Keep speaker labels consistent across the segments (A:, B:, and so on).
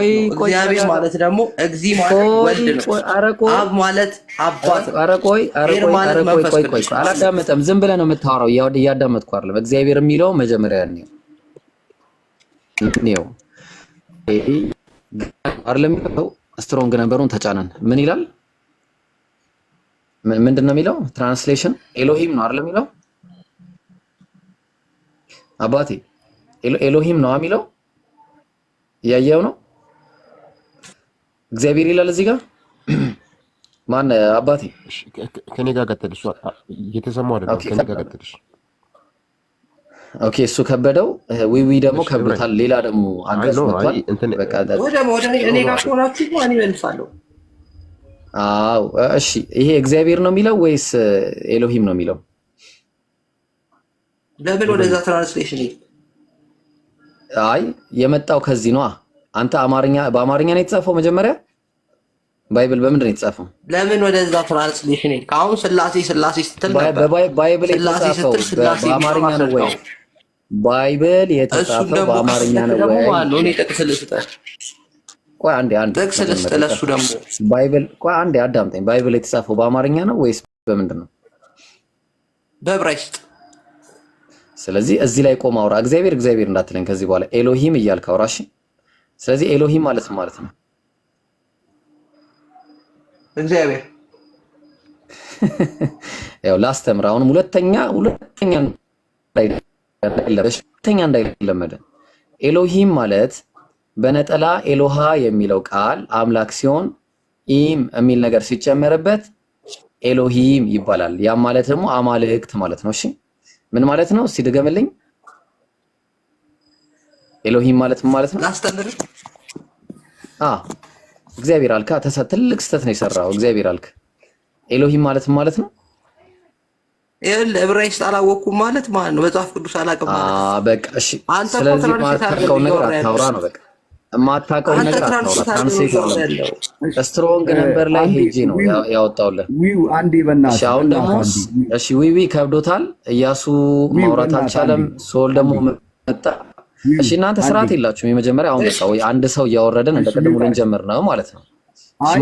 A: እግዚአብሔር ማለት ደግሞ እግዚ ማለት ወልድ ነው። አብ ማለት አባት ቆይ ቆይ ቆይ አላዳመጠም። ዝም ብለህ ነው የምታወራው። እያዳመጥኩ አይደለም። እግዚአብሔር የሚለው መጀመሪያ ነው ነው አይደለም። ስትሮንግ ነበሩን ተጫነን። ምን ይላል? ምንድን ነው የሚለው? ትራንስሌሽን ኤሎሂም ነው አይደለም የሚለው። አባቴ ኤሎሂም ነው የሚለው። እያየው ነው እግዚአብሔር ይላል እዚህ ጋር ማን አባቴ
B: ከኔ ጋር ቀጥል። እሱ እየተሰማው አይደለም። ከኔ ጋር ቀጥል።
A: ኦኬ እሱ ከበደው፣ ዊዊ ደግሞ ከብዶታል። ሌላ ደግሞ አንገስ መጥቷል። እንትን በቃ እኔ ጋር ከሆናችሁ እኔ መልሳለሁ። አዎ እሺ፣ ይሄ እግዚአብሔር ነው የሚለው ወይስ ኤሎሂም ነው የሚለው?
C: ለምን ወደዛ ትራንስሌሽን?
A: አይ የመጣው ከዚህ ነዋ አንተ አማርኛ በአማርኛ ነው የተጻፈው? መጀመሪያ ባይብል በምንድን ነው የተጻፈው?
C: ለምን ወደዛ ትራንስሌሽን ሄድክ? አሁን ስላሴ ስላሴ
A: ስትል ነበር። ባይብል የተጻፈው በአማርኛ ነው ወይ? ባይብል የተጻፈው በአማርኛ ነው
C: ወይ? እኔ ጥቅስ ልስጥህ። ቆይ አንዴ አንዴ ጥቅስ ልስጥህ። ለእሱ ደግሞ
A: ባይብል ቆይ አንዴ አዳምጠኝ። ባይብል የተጻፈው በአማርኛ ነው ወይስ በምንድን ነው? በዕብራይስጥ ስለዚህ እዚህ ላይ ቆም አውራ። እግዚአብሔር እግዚአብሔር እንዳትለኝ ከዚህ በኋላ ኤሎሂም እያልክ አውራ። እሺ ስለዚህ ኤሎሂም ማለት ማለት ነው እግዚአብሔር። ያው ላስተምር አሁንም ሁለተኛ ሁለተኛ ሁለተኛ እንዳይለመደ ኤሎሂም ማለት በነጠላ ኤሎሃ የሚለው ቃል አምላክ ሲሆን ኢም የሚል ነገር ሲጨመርበት ኤሎሂም ይባላል። ያም ማለት ደግሞ አማልክት ማለት ነው። እሺ ምን ማለት ነው? እስቲ ድገምልኝ። ኤሎሂም ማለት ማለት
C: ነው። ላስተምርህ።
A: አ እግዚአብሔር አልካ ተሳ ትልቅ ስህተት ነው የሰራው። እግዚአብሔር አልክ ኤሎሂም ማለት ማለት ነው።
C: ይኸውልህ ዕብራይስጥ አላወኩም ማለት ማለት ነው። መጽሐፍ ቅዱስ አላውቅም
A: ማለት አ በቃ እሺ። ስለዚህ የማታውቀው ነገር አታውራ ነው። በቃ የማታውቀው ነገር አታውራ። ትራንስሌት ነው። ስትሮንግ ነበር ላይ ሄጄ ነው ዊው ያወጣሁልህ። እሺ አሁን ደግሞ እሺ ዊዊ ከብዶታል። እያሱ ማውራት አልቻለም። ሶል ደግሞ መጣ Hmm. እሺ እናንተ ስርዓት የላችሁም። የመጀመሪያ አሁን ሰው አንድ ሰው እያወረደን እንደ ቀድሞ ልንጀምር ነው ማለት ነው።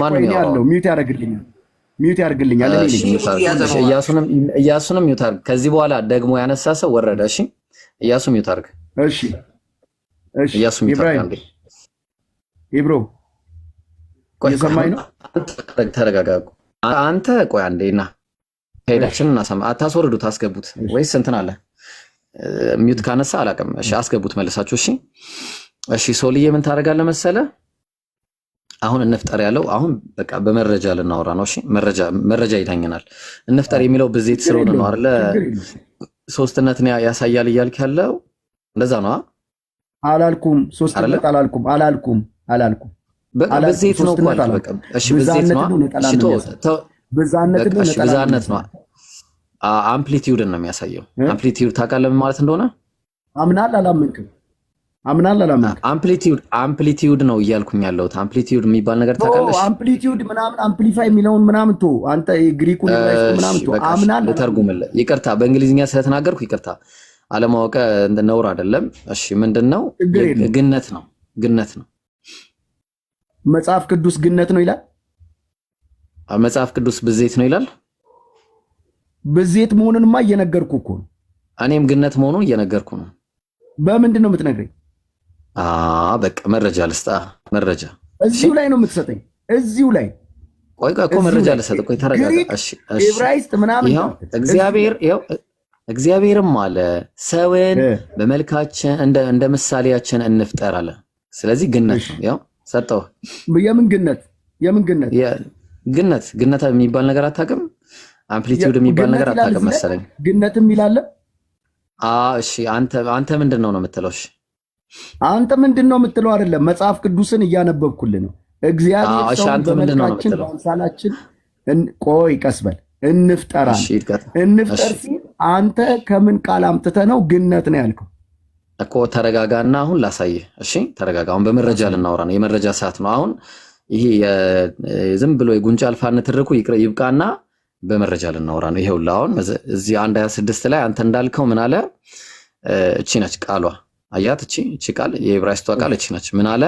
B: ማን ሚዩት ያደርግልኛል፣ ሚዩት ያደርግልኛል።
A: እያሱንም ሚዩት አድርግ። ከዚህ በኋላ ደግሞ ያነሳ ሰው ወረደ። እሺ እያሱ ሚዩት አድርግ። እሺ እሺ እያሱ
B: ሚዩት አድርግ። ኢብሮ
A: እየሰማኝ ነው። ተረጋጋ። አንተ ቆይ አንዴና እናሰማ። አታስወርዱት፣ አስገቡት ወይስ እንትን አለ ሚዩት ካነሳ አላውቅም። እሺ አስገቡት መልሳችሁ። እሺ እሺ። ሶልዬ ምን ታደርጋለህ መሰለ አሁን እንፍጠር ያለው አሁን በቃ በመረጃ ልናወራ ነው። እሺ መረጃ መረጃ ይዳኝናል። እንፍጠር የሚለው ብዜት ስለሆነ ነው አይደለ? ሶስትነትን ያሳያል እያልክ ያለው እንደዛ ነው።
B: አላልኩም ሶስትነት አላልኩም አላልኩም አላልኩም።
A: ብዜት ነው እኮ በቃ እሺ ብዜት ነው። እሺ ተው ተው፣ ብዛነት ነው አምፕሊቲዩድን ነው የሚያሳየው። አምፕሊቲዩድ ታውቃለህ ማለት እንደሆነ
B: አምናል አላመንክም? አምናል አላመንክም?
A: አምፕሊቲዩድ አምፕሊቲዩድ ነው እያልኩኝ ያለሁት። አምፕሊቲዩድ የሚባል ነገር ታውቃለህ?
B: አምፕሊቲዩድ ምናምን አምፕሊፋይ የሚለውን ምናምን ቶ አንተ የግሪኩን ምናምን ቶ አምናል
A: ልተርጉምልህ። ይቅርታ በእንግሊዝኛ ስለተናገርኩ ይቅርታ። አለማወቀ ነውር አይደለም። እሺ ምንድን ነው? ግነት ነው ግነት ነው።
B: መጽሐፍ ቅዱስ ግነት ነው ይላል።
A: መጽሐፍ ቅዱስ ብዜት ነው ይላል።
B: ብዜት መሆንንማ እየነገርኩ እኮ ነው።
A: እኔም ግነት መሆኑን እየነገርኩ ነው።
B: በምንድን ነው የምትነግረኝ?
A: በቃ መረጃ ልስጣ። መረጃ
B: እዚሁ ላይ ነው የምትሰጠኝ። እዚሁ ላይ
A: ቆይ ቆይ እኮ መረጃ ልሰጥ። ቆይ ተረጋጋ። ምናምን እግዚአብሔርም አለ ሰውን በመልካችን እንደ ምሳሌያችን እንፍጠር አለ። ስለዚህ ግነት ነው። ያው ሰጠው።
B: የምን ግነት? የምን ግነት?
A: ግነት ግነት የሚባል ነገር አታውቅም? አምፕሊቲዩድ የሚባል ነገር አታውቅም መሰለኝ።
B: ግነት የሚላለ
A: እሺ፣ አንተ ምንድን ነው ነው የምትለው? እሺ፣
B: አንተ ምንድን ነው የምትለው? አይደለም መጽሐፍ ቅዱስን እያነበብኩልህ ነው። እግዚአብሔር ሰውን በመልካችን ቆይ ቀስበል እንፍጠራ እንፍጠር ሲል አንተ ከምን ቃል አምጥተህ ነው ግነት ነው ያልከው?
A: እኮ ተረጋጋና አሁን ላሳየህ። እሺ ተረጋጋ። አሁን በመረጃ ልናወራ ነው። የመረጃ ሰዓት ነው አሁን። ይሄ ዝም ብሎ የጉንጫ አልፋ ንትርኩ ይብቃና በመረጃ ልናወራ ነው። ይሄውልህ አሁን እዚህ አንድ ሀያ ስድስት ላይ አንተ እንዳልከው ምን አለ? እቺ ነች ቃሏ። አያት እቺ እቺ ቃል የዕብራይስጧ ቃል እቺ ነች። ምን አለ?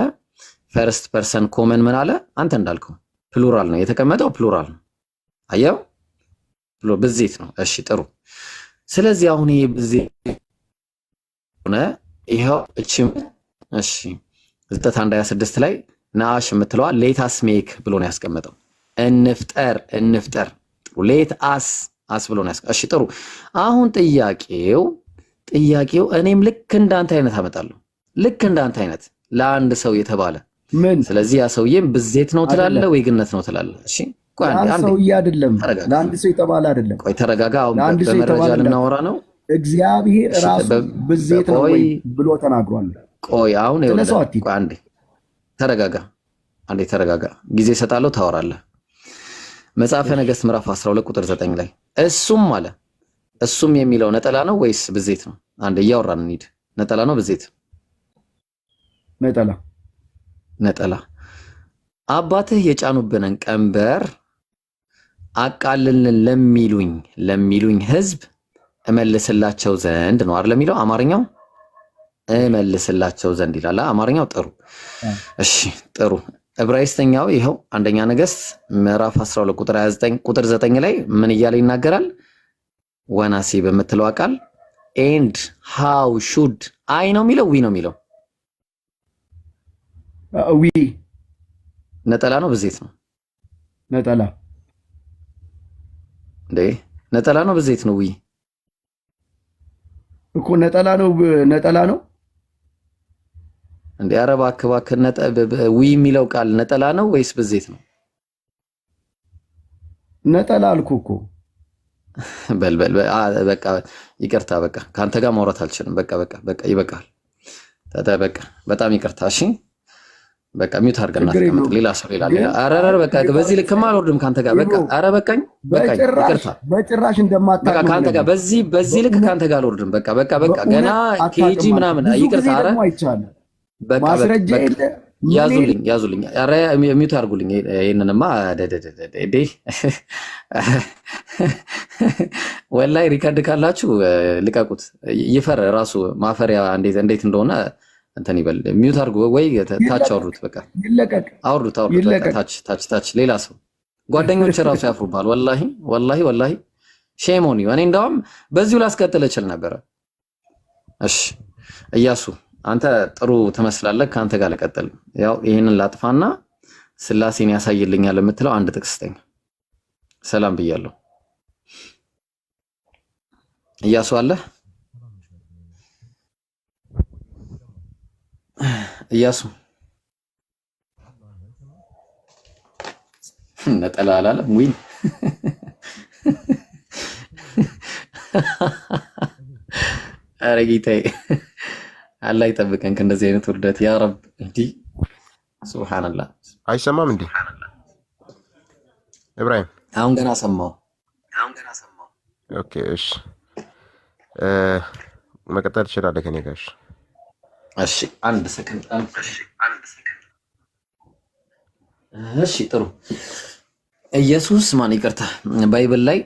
A: ፈርስት ፐርሰን ኮመን ምን አለ? አንተ እንዳልከው ፕሉራል ነው የተቀመጠው፣ ፕሉራል ነው አየው፣ ብዜት ነው። እሺ ጥሩ። ስለዚህ አሁን ይሄ ብዜት ሆነ። ይሄው እቺ እሺ፣ ዘጠት አንድ ሀያ ስድስት ላይ ናሽ የምትለዋ ሌታስ ሜክ ብሎ ነው ያስቀመጠው። እንፍጠር እንፍጠር ሌት አስ አስ ብሎ ነው። እሺ ጥሩ። አሁን ጥያቄው ጥያቄው እኔም ልክ እንዳንተ አይነት አመጣለሁ። ልክ እንዳንተ አይነት ለአንድ ሰው የተባለ ምን? ስለዚህ ያ ሰውዬም ብዜት ነው ትላለህ ወይ ግነት ነው ትላለህ? እሺ
B: ሰውዬ አይደለም፣ ለአንድ ሰው የተባለ አይደለም። ቆይ
A: ተረጋጋ። አሁን በመረጃ ልናወራ ነው።
B: እግዚአብሔር ራሱ ብዜት ነው ብሎ ተናግሯል።
A: ቆይ አሁን አንዴ ተረጋጋ፣ አንዴ ተረጋጋ። ጊዜ እሰጣለሁ፣ ታወራለህ መጽሐፈ ነገሥት ምዕራፍ 12 ቁጥር 9 ላይ እሱም አለ እሱም የሚለው ነጠላ ነው ወይስ ብዜት ነው? አንድ እያወራን እንሂድ። ነጠላ ነው ብዜት? ነጠላ ነጠላ። አባትህ የጫኑብንን ቀንበር አቃልልን ለሚሉኝ ለሚሉኝ ህዝብ እመልስላቸው ዘንድ ነው አይደል? የሚለው አማርኛው እመልስላቸው ዘንድ ይላል። አማርኛው ጥሩ። እሺ ጥሩ ዕብራይስተኛው ይኸው አንደኛ ነገስት ምዕራፍ 12 ቁጥር 29 ቁጥር 9 ላይ ምን እያለ ይናገራል? ወናሲ በምትለው ቃል ኤንድ ሃው ሹድ አይ ነው የሚለው ዊ ነው የሚለው ዊ ነጠላ ነው ብዜት ነው ነጠላ እንዴ ነጠላ ነው ብዜት ነው ዊ
B: እኮ ነጠላ ነው ነጠላ ነው
A: እንደ አረባ አከባከ ዊ የሚለው ቃል ነጠላ ነው ወይስ ብዜት ነው?
B: ነጠላ አልኩ እኮ።
A: በል በል በቃ ይቅርታ፣ በቃ ከአንተ ጋር ማውራት አልችልም። በቃ በቃ በቃ ይበቃል። በቃ በጣም ይቅርታ። እሺ በቃ ሚውት አድርገና ተቀመጥ። ሌላ ሰው ሌላ ሌላ። ኧረ በቃ በዚህ ልክማ አልወርድም ከአንተ ጋር በቃ። አረ በቃኝ በቃኝ፣ ይቅርታ
B: በጭራሽ እንደማታ በቃ ከአንተ
A: ጋር በዚህ በዚህ ልክ ከአንተ ጋር አልወርድም። በቃ በቃ በቃ ገና ኬጂ ምናምን ይቅርታ። ኧረ
B: ማስረጃ የለ
A: ያዙልኝ ያዙልኝ፣ ኧረ ሚውት አድርጉልኝ። ይህንንማ ወላይ ሪከርድ ካላችሁ ልቀቁት። ይፈር ራሱ ማፈሪያ እንዴት እንደሆነ እንትን ይበል። ሚውት አድርጉ ወይ ታች አውርዱት፣ በቃ አውርዱት፣ አውርዱት፣ ታች ታች። ሌላ ሰው ጓደኞች ራሱ ያፍሩባል። ወላሂ ወላሂ ወላሂ ሼሞኒ። እኔ እንደውም በዚሁ ላስቀጥል እችል ነበረ። እሺ እያሱ አንተ ጥሩ ትመስላለህ፣ ከአንተ ጋር ልቀጥል። ያው ይህንን ላጥፋና ስላሴን ያሳይልኛል የምትለው አንድ ጥቅስተኛ ሰላም ብያለሁ። እያሱ አለህ? እያሱ ነጠላ አላለም ወይ? ኧረ ጌታዬ አላህ ይጠብቀን ከእንደዚህ አይነት ውርደት ያ ረብ። እንዲህ ሱብሃንአላህ
B: አይሰማም እንዴ ኢብራሂም?
A: አሁን ገና ሰማው።
B: ኦኬ እሺ፣ መቀጠል ትችላለህ ከኔ ጋር።
A: እሺ አንድ ሰከንድ። እሺ ጥሩ። ኢየሱስ ማን ይቅርታ፣ ባይብል ላይ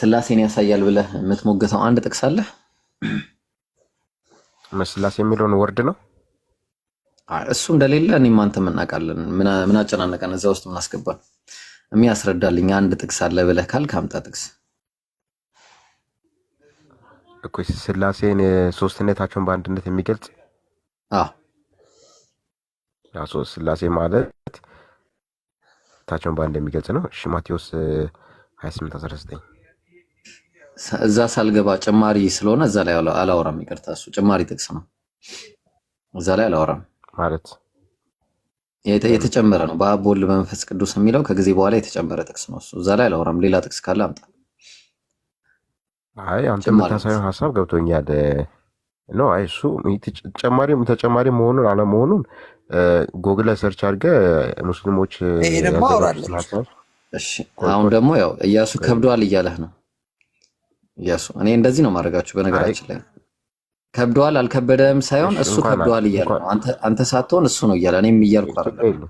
A: ስላሴን ያሳያል ብለህ የምትሞገተው አንድ ጥቅስ አለህ?
B: መስላሴ የሚለውን ወርድ ነው
A: እሱ እንደሌለ እኔም አንተም እናውቃለን። ምን አጨናነቀን? እዛ ውስጥ ምን አስገባን? የሚያስረዳልኝ አንድ ጥቅስ አለ ብለህ ካልክ አምጣ ጥቅስ
B: እኮ ስላሴን ሶስትነታቸውን በአንድነት የሚገልጽ ስላሴ ማለት ታቸውን በአንድ የሚገልጽ ነው። ማቴዎስ 28 19
A: እዛ ሳልገባ ጭማሪ ስለሆነ እዛ ላይ አላወራም። ይቅርታ፣ እሱ ጭማሪ ጥቅስ ነው። እዛ ላይ አላወራም ማለት የተጨመረ ነው። በአብ ወልድ በመንፈስ ቅዱስ የሚለው ከጊዜ በኋላ የተጨመረ ጥቅስ ነው። እሱ እዛ ላይ አላወራም። ሌላ ጥቅስ ካለ አምጣ።
B: አይ አንተ የምታሳየው ሀሳብ ገብቶኛል። ነው አይ እሱ ተጨማሪ ተጨማሪ መሆኑን አለመሆኑን ጎግል ላይ ሰርች አድርገህ ሙስሊሞች።
A: አሁን ደግሞ ያው እያሱ ከብደዋል እያለህ ነው የሱ እኔ እንደዚህ ነው ማድረጋችሁ። በነገራችን ላይ ከብደዋል አልከበደም ሳይሆን እሱ ከብደዋል እያለ ነው፣ አንተ ሳትሆን እሱ ነው እያለ እኔም እያልኩ አይደለም።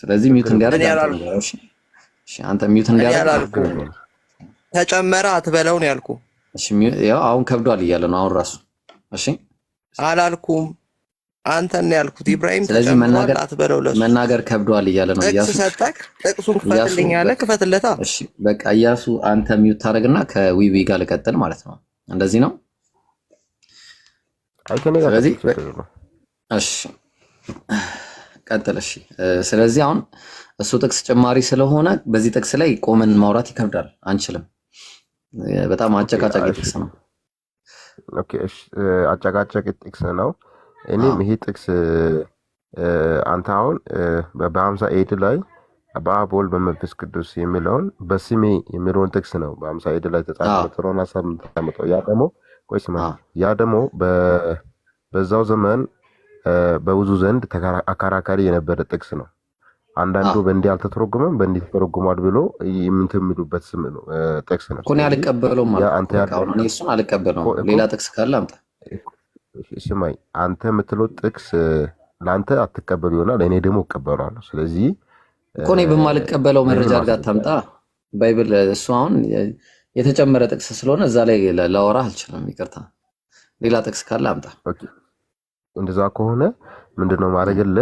A: ስለዚህ ሚዩት እንዲያደርግ አንተ ሚዩት እንዲያደርግ
C: ተጨመረ አትበለውን ያልኩ።
A: አሁን ከብደዋል እያለ ነው አሁን ራሱ እሺ
C: አላልኩም አንተን ያልኩት ኢብራሂም።
A: ስለዚህ መናገር አትበለው፣ ለእሱ መናገር ከብዷል እያለ ነው። ጥቅስ
C: ሰጠህ፣ ጥቅሱን ክፈትልኝ አለ፣ ክፈትለታ። እሺ
A: በቃ እያሱ፣ አንተ ሚውት ታደርግና ከዊዊ ጋር ልቀጥል ማለት ነው። እንደዚህ ነው። ስለዚህ እሺ ቀጥል። እሺ ስለዚህ አሁን እሱ ጥቅስ ጭማሪ ስለሆነ በዚህ ጥቅስ ላይ ቆመን ማውራት ይከብዳል፣ አንችልም። በጣም አጨቃጫቂ ጥቅስ ነው።
B: አጨቃጫቂ ጥቅስ ነው። እኔም ይሄ ጥቅስ አንተ አሁን በሀምሳ ኤድ ላይ በአብ ወልድ በመንፈስ ቅዱስ የሚለውን በስሜ የሚለውን ጥቅስ ነው በሀምሳ ኤድ ላይ ተጻፈትሮን ሀሳብ ምታመጠው ያ ደግሞ ቆይ ስማ ያ ደግሞ በዛው ዘመን በብዙ ዘንድ አከራካሪ የነበረ ጥቅስ ነው። አንዳንዱ በእንዲህ አልተተረጎመም በእንዲህ ተተረጉሟል ብሎ የምንትን የሚሉበት ስም ነው ጥቅስ ነው። እኔ አልቀበለውም እሱን አልቀበለውም። ሌላ ጥቅስ ካለ አምጣ ስማኝ አንተ የምትለው ጥቅስ ለአንተ አትቀበሉ ይሆናል፣ እኔ ደግሞ እቀበለዋለሁ። ስለዚህ እኮ እኔ በማልቀበለው
A: መረጃ አድርጋ አታምጣ። ባይብል እሱ አሁን የተጨመረ ጥቅስ ስለሆነ እዛ ላይ ላወራህ አልችልም። ይቅርታ፣ ሌላ ጥቅስ ካለ አምጣ።
B: እንደዛ ከሆነ ምንድነው ማድረግለ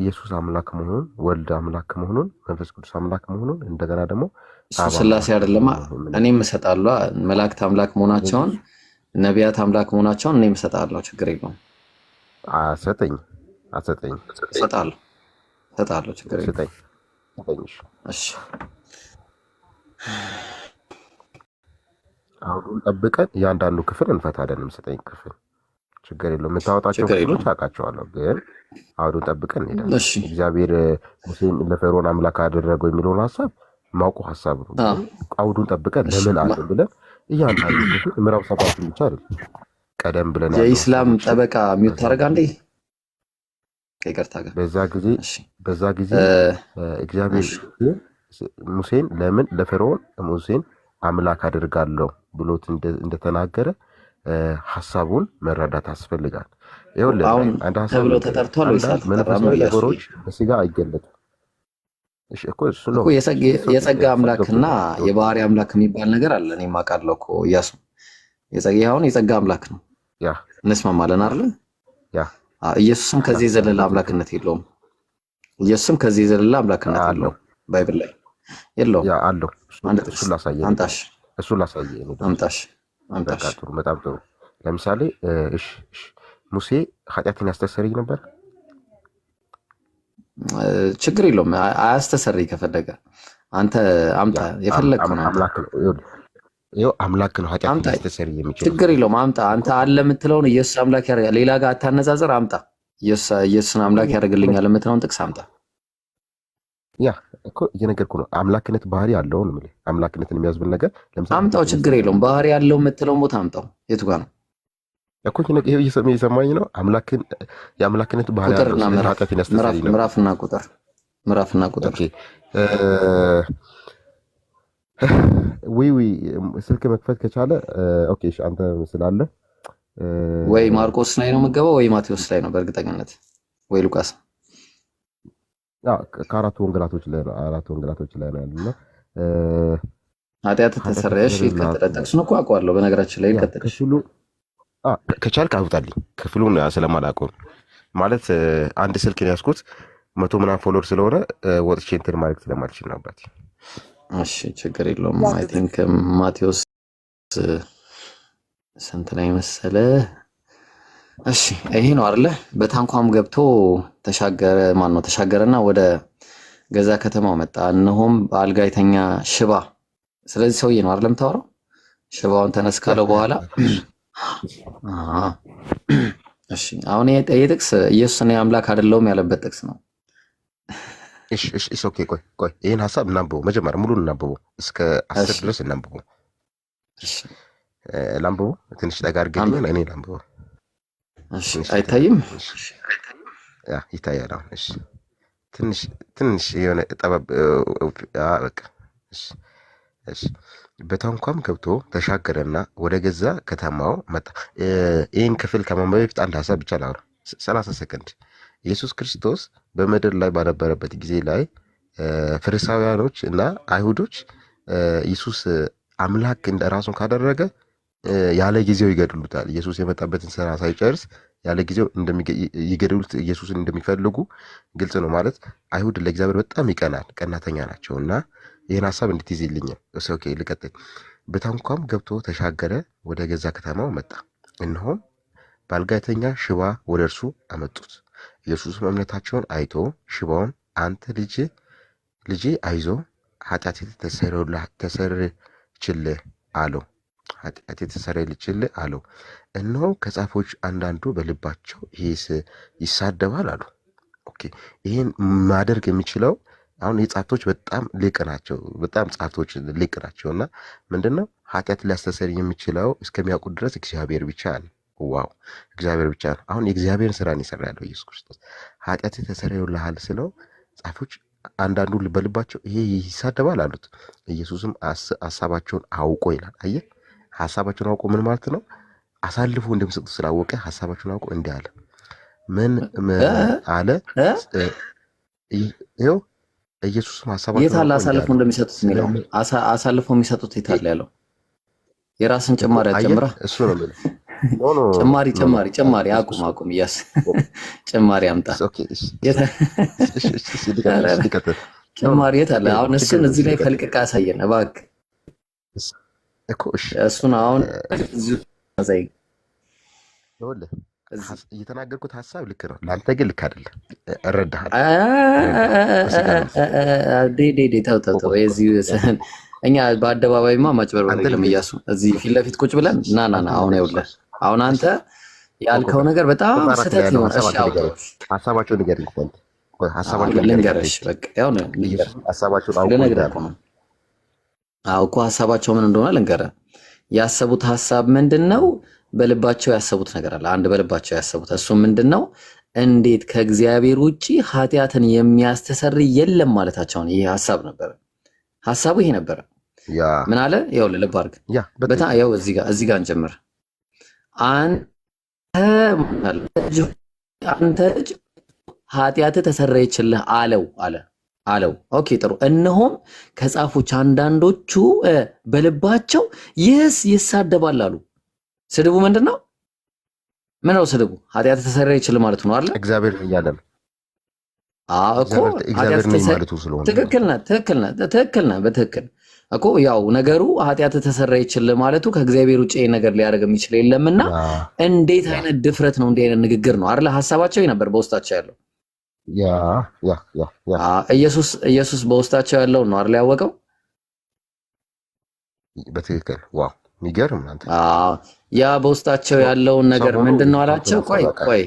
B: ኢየሱስ አምላክ መሆኑን ወልድ አምላክ መሆኑን መንፈስ ቅዱስ አምላክ መሆኑን እንደገና ደግሞ ስላሴ አይደለማ እኔም እሰጣለሁ መላእክት አምላክ መሆናቸውን ነቢያት አምላክ መሆናቸውን እኔም እሰጥሃለሁ። ችግር የለውም። ሰጠኝ አሰጠኝ እሰጥሃለሁ እሰጥሃለሁ። ችግር የለውም። አሁን ጠብቀን እያንዳንዱ ክፍል እንፈታለን። ስጠኝ ክፍል ችግር የለውም። የምታወጣቸው ክፍሎች አውቃቸዋለሁ፣ ግን አውዱን ጠብቀን እንሄዳለን። እግዚአብሔር ሙሴን ለፈርዖን አምላክ አደረገው የሚለውን ሀሳብ ማውቁ ሀሳብ ነው። አውዱን ጠብቀን ለምን አለ ብለን እያንዳንዱ ክፍል ምዕራፍ ሰባትን ብቻ አይደለም። ቀደም ብለን የኢስላም ጠበቃ ሚውት ታደርግ አንዴ ጋር በዛ ጊዜ በዛ ጊዜ እግዚአብሔር ሙሴን ለምን ለፈርዖን ሙሴን አምላክ አድርጋለሁ ብሎት እንደተናገረ ሀሳቡን መረዳት ያስፈልጋል። ይኸውልህ አንድ ሀሳብ ተብሎ ተጠርቷል። መንፈሳዊ ነገሮች በስጋ አይገለጥም። የጸጋ አምላክና የባህሪ አምላክ የሚባል ነገር አለ። እኔ የማውቃለሁ እኮ እያሱ አሁን የጸጋ አምላክ ነው እንስማማለን አለ። ኢየሱስም ከዚህ የዘለለ አምላክነት የለውም። ኢየሱስም ከዚህ የዘለለ አምላክነት አለው ባይብል ላይ የለውም በጣም ጥሩ። ለምሳሌ ሙሴ ኃጢአትን ያስተሰርይ ነበር ችግር የለውም። አያስተሰሪ ከፈለገ አንተ አምጣ፣ የፈለግከው አምላክ ነው። ችግር የለውም። አምጣ። አንተ አለ የምትለውን ኢየሱስ አምላክ ያደርጋል። ሌላ ጋር አታነጻጽር። አምጣ። ኢየሱስን አምላክ ያደርግልኛል የምትለውን ጥቅስ አምጣ። ያ እኮ እየነገርኩህ ነው። አምላክነት ባህሪ ያለው አምላክነትን የሚያዝብን ነገር አምጣው። ችግር የለውም። ባህሪ ያለው የምትለውን ቦታ አምጣው። የቱ ጋር ነው? እኮ እየሰማኝ ነው። የአምላክነት ባህሪያለውጣትን ያስተሳይ ምዕራፍና ቁጥር ምዕራፍና ቁጥር ዊዊ ስልክ መክፈት ከቻለ ኦኬ፣ አንተ ስላለ ወይ ማርቆስ ላይ ነው የምገባው ወይ ማቴዎስ ላይ ነው በእርግጠኝነት ወይ ሉቃስ ከአራቱ ወንጌላቶች ላይ አራት ወንጌላቶች ላይ ነው ያሉና ኃጢአት ተሰረየሽ ይቀጥላል። ጠቅሱን እኮ አውቀዋለሁ በነገራችን ላይ ይቀጥላል ከቻልክ አውጣልኝ ክፍሉን ስለማላውቀው ማለት አንድ ስልክን ያስኩት መቶ ምናምን ፎሎወር ስለሆነ ወጥቼ እንትን ማለት ስለማልችል ነው። አባቴ እሺ፣ ችግር የለውም። አይ ቲንክ ማቴዎስ ስንት ላይ መሰለ? እሺ፣ ይሄ ነው አይደለ? በታንኳም ገብቶ ተሻገረ። ማን ነው ተሻገረና ወደ ገዛ ከተማው መጣ። እነሆም በአልጋ የተኛ ሽባ። ስለዚህ ሰውዬ ነው አይደለም ታወራው። ሽባውን ተነስካለው በኋላ እሺ አሁን ይሄ ጥቅስ ኢየሱስ እኔ አምላክ አይደለሁም ያለበት ጥቅስ ነው። እሺ እሺ እሺ ኦኬ፣ ቆይ ቆይ፣ ይሄን ሐሳብ እናንብበው። መጀመሪያ ሙሉን እናንብበው፣ እስከ አስር ድረስ እናንብበው። እሺ ላንብበው፣ ትንሽ ጠጋ አድርገን እኔ ላንብበው። እሺ አይታይም? ያ ይታያል። አሁን እሺ፣ ትንሽ ትንሽ የሆነ ጠበብ። በቃ እሺ እሺ በታንኳም ገብቶ ተሻገረና ወደ ገዛ ከተማው መጣ። ይህን ክፍል ከማንበብ በፊት አንድ ሀሳብ ብቻ ላውራ። ሰላሳ ሰከንድ ኢየሱስ ክርስቶስ በምድር ላይ ባነበረበት ጊዜ ላይ ፈሪሳውያኖች እና አይሁዶች ኢየሱስ አምላክ እንደ ራሱን ካደረገ ያለ ጊዜው ይገድሉታል። ኢየሱስ የመጣበትን ስራ ሳይጨርስ ያለ ጊዜው ይገድሉት ኢየሱስን እንደሚፈልጉ ግልጽ ነው። ማለት አይሁድ ለእግዚአብሔር በጣም ይቀናል፣ ቀናተኛ ናቸው እና ይህን ሀሳብ ኦኬ፣ ልቀጥል። በታንኳም ገብቶ ተሻገረ፣ ወደ ገዛ ከተማው መጣ። እነሆም ባልጋተኛ ሽባ ወደ እርሱ አመጡት። ኢየሱስም እምነታቸውን አይቶ ሽባውን አንተ ልጅ ልጅ አይዞ ኃጢአት ተሰረችልህ አለው። ኃጢአት የተሰረችልህ አለው። እነሆ ከጻፎች አንዳንዱ በልባቸው ይህስ ይሳደባል አሉ። ይህን ማደርግ የሚችለው አሁን የጻፍቶች በጣም ሊቅ ናቸው። በጣም ጻፍቶች ሊቅ ናቸው እና ምንድነው ኃጢአት ሊያስተሰር የሚችለው እስከሚያውቁ ድረስ እግዚአብሔር ብቻ ነው። ዋው እግዚአብሔር ብቻ ነው። አሁን የእግዚአብሔርን ስራን የሰራ ያለው ኢየሱስ ክርስቶስ ኃጢአት ተሰርዮልሃል ስለው ጻፎች አንዳንዱ በልባቸው ይሄ ይሳደባል አሉት። ኢየሱስም ሀሳባቸውን አውቆ ይላል። አየ ሀሳባቸውን አውቆ ምን ማለት ነው? አሳልፎ እንደሚሰጡ ስላወቀ ሀሳባቸውን አውቆ እንዲህ አለ። ምን አለ? ይኸው ኢየሱስም ሀሳብ የት አለ አሳልፎ እንደሚሰጡት የሚለው አሳልፎ የሚሰጡት የታለ ያለው የራስን ጭማሪ አጨምራ ጭማሪ ጭማሪ ጭማሪ አቁም አቁም እያስ ጭማሪ አምጣ ጭማሪ የት አለ አሁን እሱን እዚህ ላይ ፈልቅቃ ያሳየን እባክህ እሱን አሁን እየተናገርኩት ሀሳብ ልክ ነው፣ ለአንተ ግን ልክ አይደለም። እረዳሃለሁ። እኛ በአደባባይማ ማጭበርበር የለም እያሱ፣ እዚህ ፊት ለፊት ቁጭ ብለን ና ና ና። አሁን ይኸውልህ፣ አሁን አንተ ያልከው ነገር በጣም ስህተት ነው። ሀሳባቸው ንገረኝ፣ ልንገርሽ፣ እኮ ሀሳባቸው ምን እንደሆነ ልንገርህ። ያሰቡት ሀሳብ ምንድን ነው? በልባቸው ያሰቡት ነገር አለ። አንድ በልባቸው ያሰቡት እሱ ምንድን ነው? እንዴት ከእግዚአብሔር ውጭ ኃጢአትን የሚያስተሰር የለም ማለታቸውን። ይህ ሀሳብ ነበረ፣ ሀሳቡ ይሄ ነበረ። ምን አለ? ያው ልብ አድርግ፣ በጣም ያው እዚህ ጋር እዚህ ጋር እንጀምር። አንተ ልጅ ኃጢአት ተሰረየችልህ አለው አለ አለው። ኦኬ ጥሩ። እነሆም ከጻፎች አንዳንዶቹ በልባቸው ይህስ ይሳደባል አሉ። ስድቡ ምንድን ነው? ምን ነው ስድቡ? ኃጢአት ተሰራ ይችል ማለት ነው አለ እግዚአብሔር እያለ ነው ትክክል ነህ። በትክክል እኮ ያው ነገሩ ኃጢአት ተሰራ ይችል ማለቱ ከእግዚአብሔር ውጭ ነገር ሊያደርግ የሚችል የለምና እንዴት አይነት ድፍረት ነው! እንዲህ አይነት ንግግር ነው አለ ሀሳባቸው ነበር በውስጣቸው ያለው ኢየሱስ ኢየሱስ በውስጣቸው ያለውን ነው አይደል ያወቀው። በትክክል ዋው፣ የሚገርም ያ በውስጣቸው ያለውን ነገር ምንድነው አላቸው። ቆይ ቆይ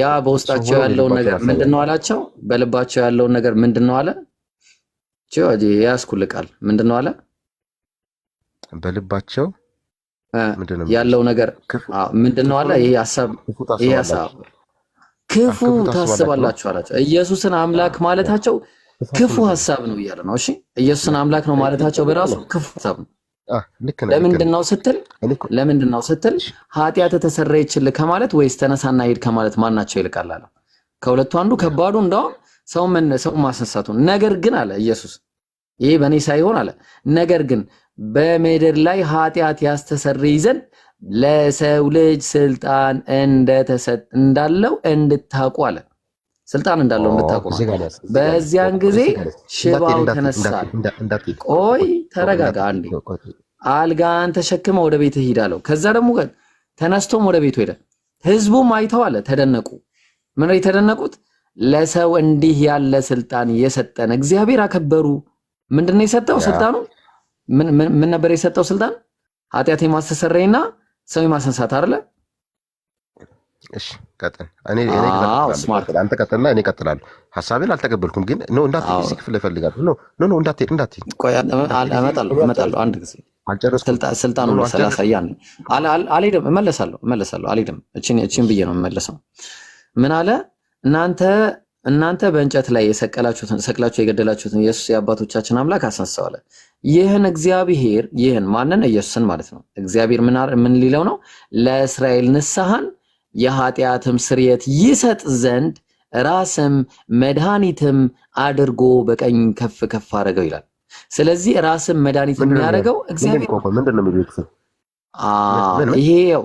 B: ያ በውስጣቸው ያለውን ነገር ምንድነው አላቸው። በልባቸው ያለውን ነገር ምንድነው አለ። ጆጂ ያስኩልቃል ምንድነው አለ። በልባቸው ያለው ነገር ምንድነው አለ። ይሄ ሐሳብ ይሄ ክፉ ታስባላችሁ አላቸው። ኢየሱስን አምላክ ማለታቸው ክፉ ሐሳብ ነው እያለ ነው። እሺ ኢየሱስን አምላክ ነው ማለታቸው በራሱ ክፉ ሐሳብ ነው። ለምንድን ነው ስትል ለምንድን ነው ስትል ኃጢአት ተሰረየችልህ ከማለት ወይስ ተነሳና ሄድ ከማለት ማናቸው ይልቃል አለ። ከሁለቱ አንዱ ከባዱ እንደውም ሰው ምን ሰው ማስነሳቱ። ነገር ግን አለ ኢየሱስ ይሄ በእኔ ሳይሆን አለ ነገር ግን በምድር ላይ ኃጢአት ያስተሰርይ ዘንድ ለሰው ልጅ ስልጣን እንዳለው እንድታውቁ አለ። ስልጣን እንዳለው የምታውቁ በዚያን ጊዜ ሽባው ተነሳ። ቆይ ተረጋጋ አንዴ። አልጋን ተሸክመ ወደ ቤት ሂድ አለው። ከዛ ደግሞ ተነስቶም ወደ ቤቱ ሄደ። ህዝቡም አይተው አለ ተደነቁ። ምን የተደነቁት? ለሰው እንዲህ ያለ ስልጣን የሰጠን እግዚአብሔር አከበሩ። ምንድነው የሰጠው ስልጣኑ? ምን ነበር የሰጠው ስልጣን? ኃጢአት የማስተሰረይና ሰው የማስነሳት አለ? እሺ ቀጥል። እኔ አንተ ቀጥልና እኔ እቀጥላለሁ። ሀሳቤን አልተቀበልኩም ግን ኖ እንዳትሄድ እዚህ ክፍል እፈልጋለሁ። ኖ ኖ ኖ እንዳትሄድ እንዳትሄድ። ቆይ እመጣለሁ እመጣለሁ። አንድ ጊዜ አልጨረስኩም። ስልጣኑ መሰለህ አሳያለሁ። አልሄድም፣ እመለሳለሁ እመለሳለሁ። አልሄድም። እችን እችን ብዬ ነው የምመለሰው። ምን አለ እናንተ እናንተ በእንጨት ላይ የሰቀላችሁትን ሰቅላችሁ የገደላችሁትን ኢየሱስ የአባቶቻችን አምላክ አስነሳው ይህን እግዚአብሔር ይህን ማንን ኢየሱስን ማለት ነው። እግዚአብሔር ምን ሊለው ነው? ለእስራኤል ንስሐን የኃጢአትም ስርየት ይሰጥ ዘንድ ራስም መድኃኒትም አድርጎ በቀኝ ከፍ ከፍ አደረገው ይላል። ስለዚህ ራስም መድኃኒት የሚያደርገው እግዚአብሔር ይሄው